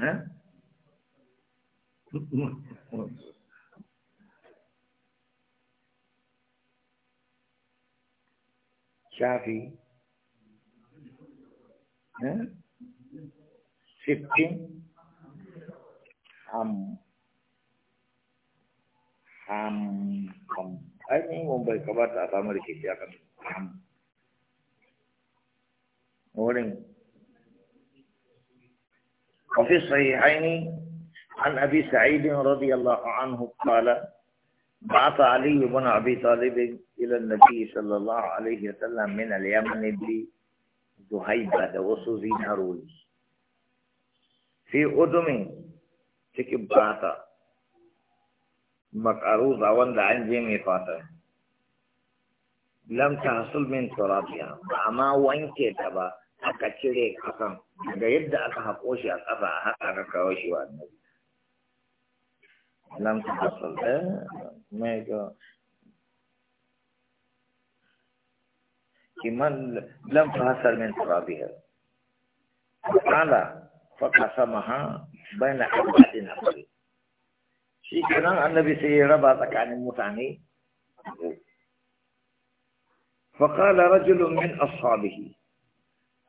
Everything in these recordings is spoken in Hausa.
Eh? Shafi. ستين eh? ham ham ham Mun. mumbai ham وفي الصحيحين عن أبي سعيد رضي الله عنه قال بعث علي بن أبي طالب إلى النبي صلى الله عليه وسلم من اليمن بزهيبة وسوزي نروي في أدم تكب بعث مكاروز وند عن جيمي فاتح لم تحصل من ترابها أما وانكتبه aka cire daga yadda aka haƙo shi a ƙasa a haka aka kawo shi wa annabi lam tahassul eh mai ga kiman lam tahassul min turabiha ala fa qasamaha baina abadin afri shi kenan annabi sai ya raba tsakanin mutane فقال رجل من أصحابه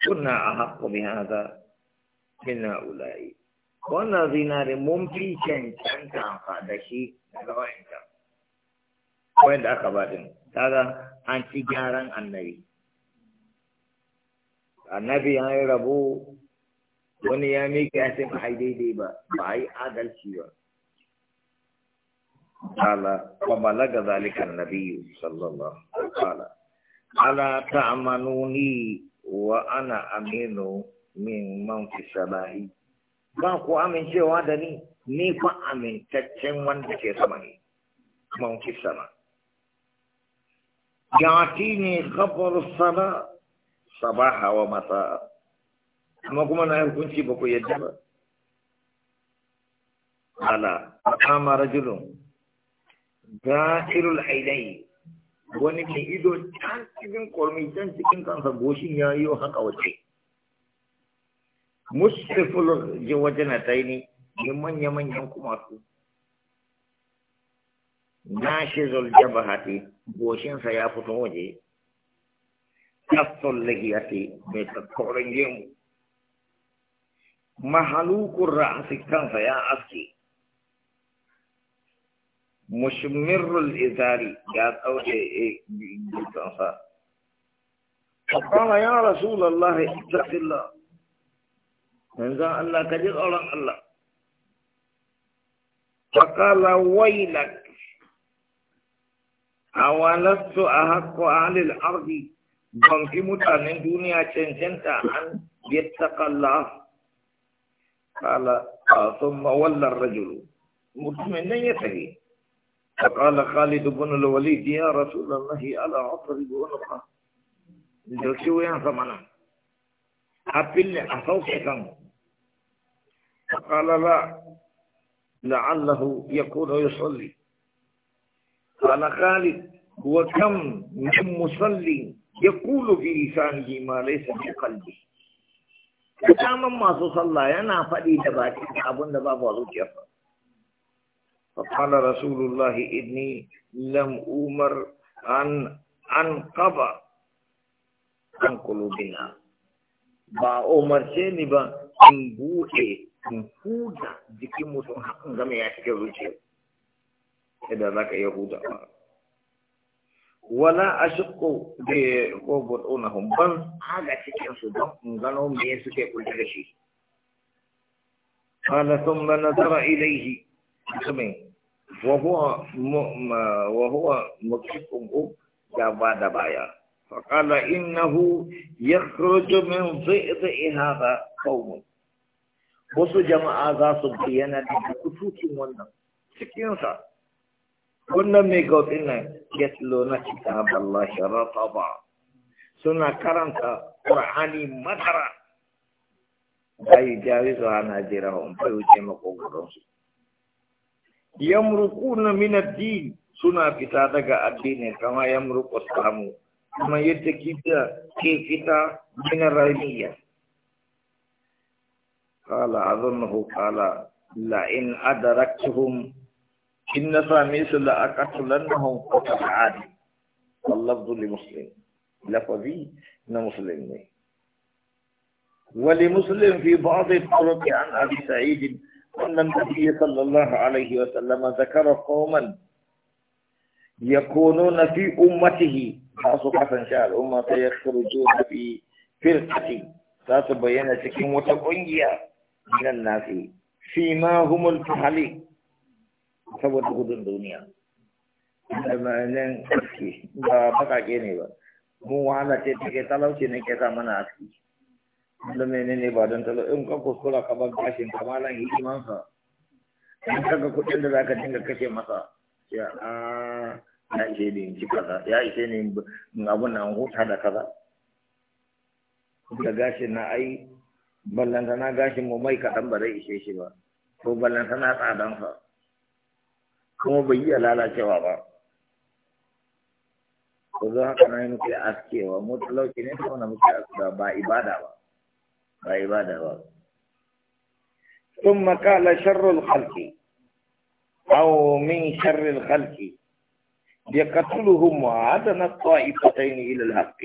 kunna ahqqu bi hadha min ulai wannan zinare mun fi cancanta da shi daga wa'inta wanda aka ba din kaga an ci gyaran annabi annabi ya yi rabo wani ya miƙe ya ce ba a yi daidai ba ba a yi adalci ba قال وبلغ ذلك النبي صلى الله عليه وسلم قال ألا تأمنوني wa ana aminu min man fi sabahi ba ku amincewa da ni ni fa amintaccen wanda ke sama ne man fi sama ti ne khabar sama sabaha wa mata amma kuma na hukunci ba ku yadda ba ala kama ga irul aidai wani mai ido can cikin kurmi can cikin kansa goshin ya yi haka wace je waje na yi ne manya-manyan kuma su na shi ba hati goshinsa ya fito waje tafsar lahiyati mai tattaurin gemu mahalukun ra'asi ya aske مشمر الإزار يا أولي إيه، إيه، فقال يا رسول الله اتق الله من ذا الله كجد أولا الله فقال ويلك أولست أحق أهل الأرض بمكي متعنين دنيا چنچنتا أن يتق الله قال ثم ولى الرجل مطمئن يتهي فقال خالد بن الوليد يا رسول الله على عطر عنقه لتركشوا يا منا أبل أصوصكم فقال لا لعله يكون يصلي قال خالد هو كم من مصلي يقول في لسانه ما ليس في قلبه كتاما ما صلى انا فدي دباكي أبن دباب وزوجي أفضل فقال رسول الله إني لم أمر أن أنقب عن قلوبنا ba umarce ni ba in buɗe in huda jikin mutum hakan zama ya cikin zuciya idan za ka iya ba wala a shiko da ko ban haga cikin don in gano me suke kulta da shi ilaihi mutumin wa huwa wa huwa gaba um, da baya فقال إنه يخرج من ضئضئ هذا قوم wasu jama'a za su bayyana da kutucin wannan sa, wannan mai gautsin nan na kitab Allah ba suna karanta Qur'ani madara da jawi zuwa Najeriya in fa wuce yamruquna min ad-din suna fita daga addini kama yamruqu samu kuma yadda kita ke fita min ar-rahiyya qala azunnahu qala la in adraktuhum in nasami la aqtulannahum qat'an واللفظ لمسلم لفظي لمسلم ولمسلم في بعض الطرق عن ابي سعيد wannan tafiye sallallahu alaihi wa sallama, Zakar kowman ya kono na fi ummatihi ba su kasance al'umma sai ya kirjo na fi firkati za su bayyana cikin wata ƙungiya nan nafi fi ma humul fahali saboda gudun duniya da ma'anin aski ba bakake ne ba mun wahala ce take talauci ne ke sa mana aski da menene ba don talo in ka kuskura ka bar gashin kamalan ka in ka ga kuɗin da zaka dinga kashe masa ya a ah, ya ishe ne in ci kaza ya ishe ne in abun na huta da kaza da gashin na ai ballanta na gashin mu mai kaɗan ba zai ishe shi ba ko ballanta na sa. kuma bai iya lalacewa ba ko zo haka na yi muke askewa mu lauki ne ta wani muke askewa ba ibada ba ba ibada ba ثم قال شر الخلق أو من شر الخلق يقتلهم وعدنا الطائفتين إلى الحق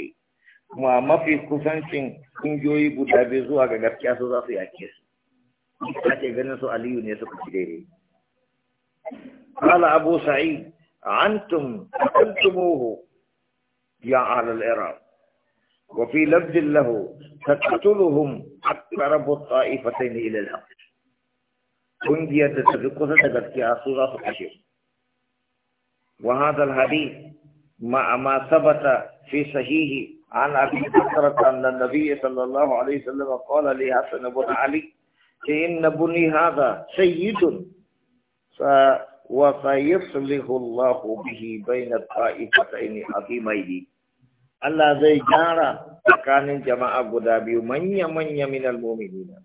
ما ما في كسانشين كنجوي بتابزوا كغسكيا سوزا في أكيس كاتي غنسو عليو نيسو كتيري قال أبو سعيد عنتم قتلتموه يا أهل العراق وفي لفظ له تقتلهم أقرب الطائفتين إلى الحق كنجية تتفقه تتفقه سوره عشر وهذا الحديث مع ما ثبت في صحيح عن أبي بكر أن النبي صلى الله عليه وسلم قال لحسن بن علي إن بني هذا سيد ف وسيصلح الله به بين الطائفتين عظيمين Allah zai gyara tsakanin jama'a guda biyu manya-manya min al-mu'minina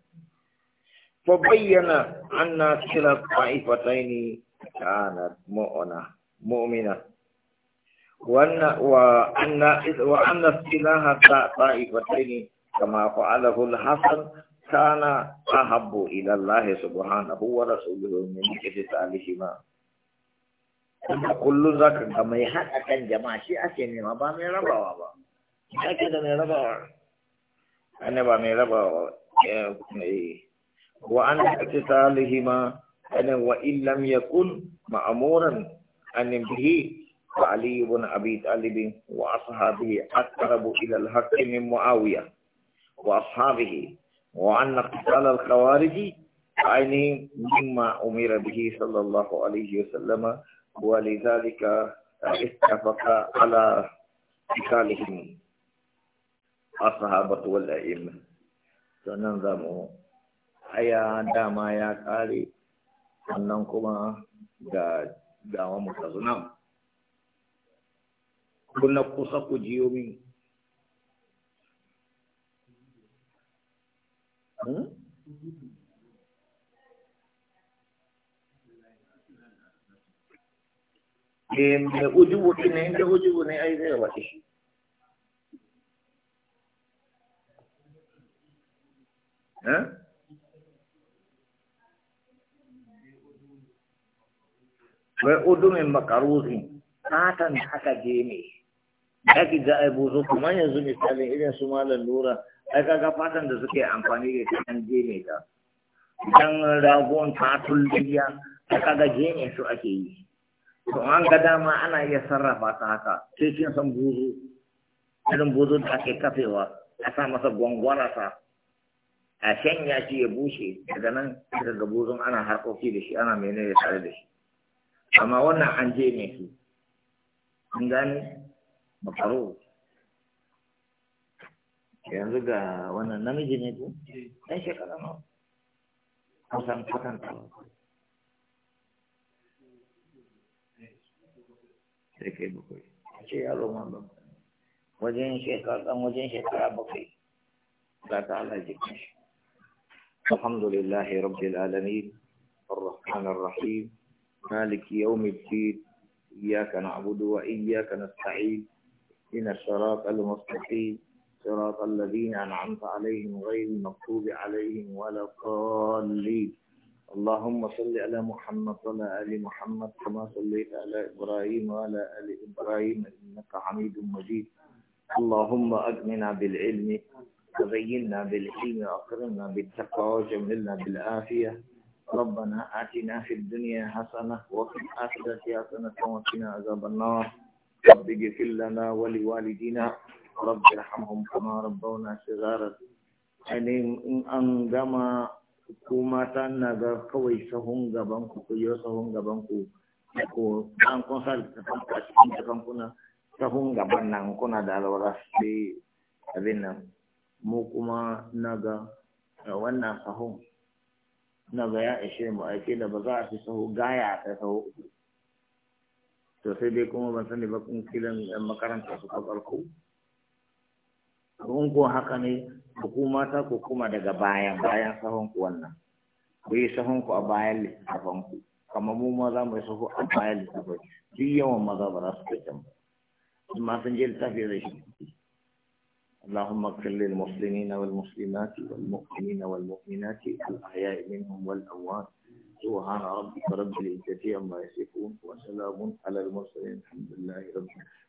fa bayyana anna silat ta'ifataini kanat mu'mina mu'mina وأن وأن وأن السلاح طائفتين كما فعله الحسن كان أحب إلى الله سبحانه ورسوله من قتالهما kuma kullum za ka ga mai haɗa kan jama'a shi ake nema ba mai rabawa ba ake da mai rabawa ana ba mai rabawa mai wa an ake salihi ma ana wa illam yakun ma'amuran an bihi fa ali ibn abi talib wa ashabihi aqrabu ila al-haqq min muawiya wa ashabihi wa anna qital al-khawarij عينه مما أمر به صلى الله عليه وسلم ولذلك اتفق على قتالهم الصحابة والأئمة سننظم أيا داما يا كالي أنكما دعوة متزنم كنا قصة جيومي eh mai ujubu ne inda ujubu ne ai zai wace shi wai udumin makaruzin fatan haka ne yaki kuma yanzu misalin irin su malam lura ai kaga fatan da suke amfani da ta an je a ta dan ragon tulliya, liya kaga je su ake yi to an ga dama ana iya sarrafa ta haka sai kin san buzu irin buzu da ake kafewa a sa masa gwangwarasa a shanya shi ya bushe daga nan daga buzun ana harkoki da shi ana menene tare da shi amma wannan an je ne shi an gani makaro yanzu ga wannan namiji ne ko eh. dan shekara nawa kusan kwatanta sai kai bakwai a ce yaro ma ba wajen shekara ɗan wajen shekara bakwai za ta ala jikin shi الرحمن الرحيم مالك يوم الدين إياك نعبد وإياك نستعين إن الصراط المستقيم صراط الذين أنعمت عليهم غير المغضوب عليهم ولا الضالين اللهم صل على محمد وعلى آل محمد كما صليت على إبراهيم وعلى آل إبراهيم إنك حميد مجيد اللهم أجمنا بالعلم وزيننا بالعلم وأكرمنا بالتقوى وجملنا بالعافية ربنا آتنا في الدنيا حسنة وفي الآخرة حسنة وقنا عذاب النار رب اغفر لنا ولوالدينا رب ارحمهم كما ربونا صغارا يعني إن ku mata na ga kawai sahun gaban ku ku yi sahun gaban ku ko an kun sa littafin ku a cikin littafin kuna sahun gaban nan kuna da alwala sai abin nan mu kuma na ga wannan sahun na ga ya ishe mu aiki da ba za a fi sahu gaya ta sahu to sai dai kuma ban sani ba kun kilan makaranta su ka kun ko haka ne ku kuma ta ku kuma daga bayan bayan sahun ku wannan ku yi sahun ku a bayan littafin ku kamar mu ma za mu yi sahu a bayan littafin duk yawan maza ba za su kai can ba ma sun je littafi zai shi اللهم اغفر للمسلمين والمسلمات والمؤمنين والمؤمنات الاحياء منهم والاموات سبحان ربك رب العزه عما يصفون وسلام على المرسلين الحمد لله رب العالمين